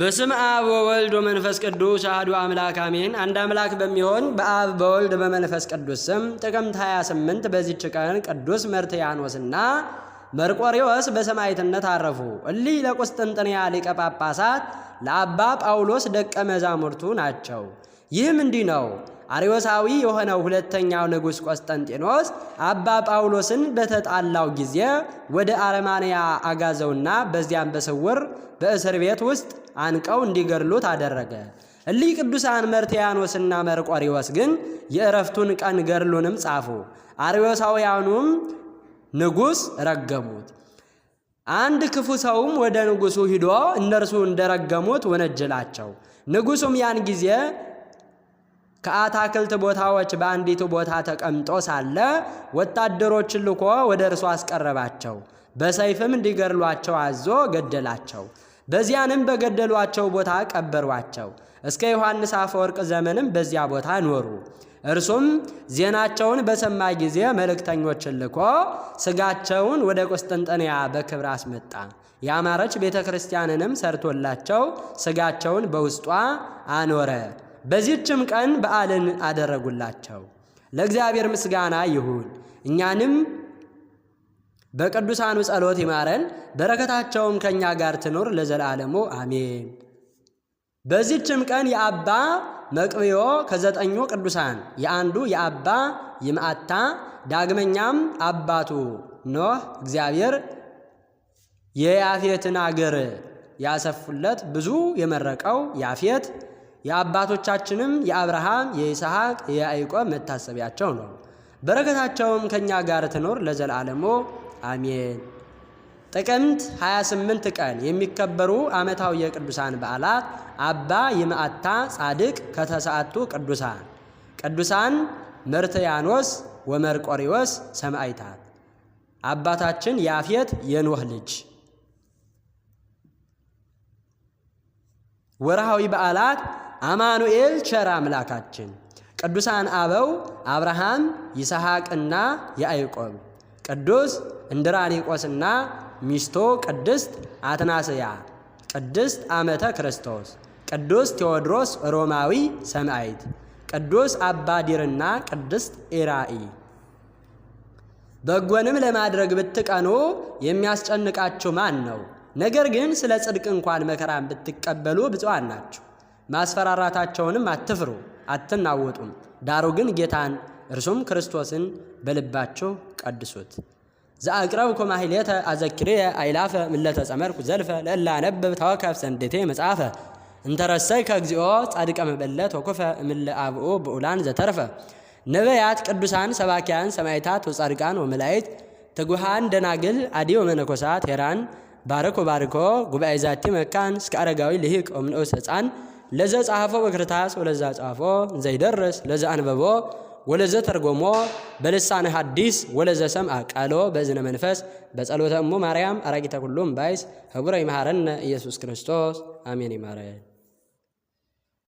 በስም አብ ወወልድ ወመንፈስ ቅዱስ አህዱ አምላክ አሜን። አንድ አምላክ በሚሆን በአብ በወልድ በመንፈስ ቅዱስ ስም ጥቅምት 28 በዚች ቀን ቅዱስ መርትያኖስና መርቆሪዎስ በሰማዕትነት አረፉ። እሊህ ለቁስጥንጥንያ ሊቀ ጳጳሳት ለአባ ጳውሎስ ደቀ መዛሙርቱ ናቸው። ይህም እንዲህ ነው። አርዮሳዊ የሆነው ሁለተኛው ንጉሥ ቆስጠንጢኖስ አባ ጳውሎስን በተጣላው ጊዜ ወደ አረማንያ አጋዘውና በዚያም በስውር በእስር ቤት ውስጥ አንቀው እንዲገድሉት አደረገ። እሊህ ቅዱሳን መርትያኖስና መርቆሪዎስ ግን የእረፍቱን ቀን ገድሉንም ጻፉ። አርዮሳውያኑም ንጉሥ ረገሙት። አንድ ክፉ ሰውም ወደ ንጉሡ ሂዶ እነርሱ እንደረገሙት ወነጀላቸው። ንጉሡም ያን ጊዜ ከአታክልት ቦታዎች በአንዲቱ ቦታ ተቀምጦ ሳለ ወታደሮችን ልኮ ወደ እርሱ አስቀረባቸው። በሰይፍም እንዲገድሏቸው አዞ ገደላቸው። በዚያንም በገደሏቸው ቦታ ቀበሯቸው። እስከ ዮሐንስ አፈወርቅ ዘመንም በዚያ ቦታ ኖሩ። እርሱም ዜናቸውን በሰማ ጊዜ መልእክተኞችን ልኮ ስጋቸውን ወደ ቁስጥንጥንያ በክብር አስመጣ። ያማረች ቤተ ክርስቲያንንም ሰርቶላቸው ስጋቸውን በውስጧ አኖረ። በዚህችም ቀን በዓልን አደረጉላቸው። ለእግዚአብሔር ምስጋና ይሁን። እኛንም በቅዱሳኑ ጸሎት ይማረን፣ በረከታቸውም ከእኛ ጋር ትኖር ለዘላለሙ አሜን። በዚህችም ቀን የአባ መቅብዮ ከዘጠኙ ቅዱሳን የአንዱ የአባ ይምአታ ዳግመኛም አባቱ ኖህ እግዚአብሔር የያፌትን አገር ያሰፉለት ብዙ የመረቀው ያፌት የአባቶቻችንም የአብርሃም የይስሐቅ የያዕቆብ መታሰቢያቸው ነው። በረከታቸውም ከእኛ ጋር ትኖር ለዘላለሙ አሜን። ጥቅምት 28 ቀን የሚከበሩ ዓመታዊ የቅዱሳን በዓላት አባ ይምአታ ጻድቅ ከተስዓቱ ቅዱሳን፣ ቅዱሳን መርትያኖስ ወመርቆሪዎስ ሰማዕታት፣ አባታችን ያፌት የኖህ ልጅ። ወርሃዊ በዓላት አማኑኤል ቸር አምላካችን ቅዱሳን አበው አብርሃም ይስሐቅና ያዕቆብ፣ ቅዱስ እንድራኒቆስና ሚስቶ ቅድስት አትናስያ፣ ቅድስት አመተ ክርስቶስ፣ ቅዱስ ቴዎድሮስ ሮማዊ ሰማዕት፣ ቅዱስ አባዲርና ቅድስት ኢራኢ። በጎንም ለማድረግ ብትቀኑ የሚያስጨንቃችሁ ማን ነው? ነገር ግን ስለ ጽድቅ እንኳን መከራን ብትቀበሉ ብፁዓን ናችሁ። ማስፈራራታቸውንም አትፍሩ፣ አትናወጡም። ዳሩ ግን ጌታን እርሱም ክርስቶስን በልባችሁ ቀድሱት። ዘአቅረብኩ ማሕሌተ አዘኪርየ አይላፈ ምለተ ጸመርኩ ዘልፈ ለላ ነብብ ተወከፍ ሰንዴቴ መጽሐፈ እንተረሰይከ እግዚኦ ጻድቀ መበለት ወኩፈ እምለ አብኡ ብዑላን ዘተርፈ ነቢያት፣ ቅዱሳን፣ ሰባኪያን፣ ሰማይታት ወጻድቃን ወመላእክት ትጉሃን ደናግል አዲ ወመነኮሳት ሄራን ባረኮ ባርኮ ጉባኤ ዛቲ መካን እስከ አረጋዊ ልሂቅ ወምንዑስ ለዘ ጻሐፎ በክርታስ ወለዛ ጻፎ ዘይደርስ ለዘ አንበቦ ወለዘ ተርጎሞ በልሳነ ሐዲስ ወለዘ ሰምዐ ቃሎ በዝነ መንፈስ በጸሎተ እሙ ማርያም አራቂተ ኩሉ እምባይስ ህቡረ ይመሃረነ ኢየሱስ ክርስቶስ አሜን ይማረን።